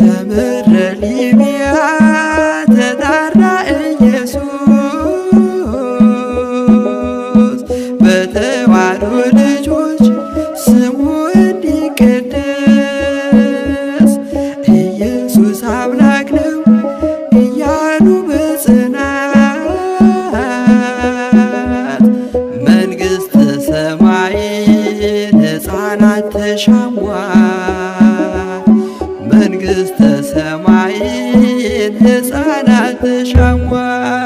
በምድረ ሊቢያ ተጣራ ኢየሱስ በተዋሕዶ ልጆች ስሙ እንዲቀደስ ኢየሱስ አምላክ ነው እያሉ በጽናት መንግሥተ ሰማይ ሕፃናት ተሻሟ መንግሥተ ሰማይን ሕፃናት ተሻሟል።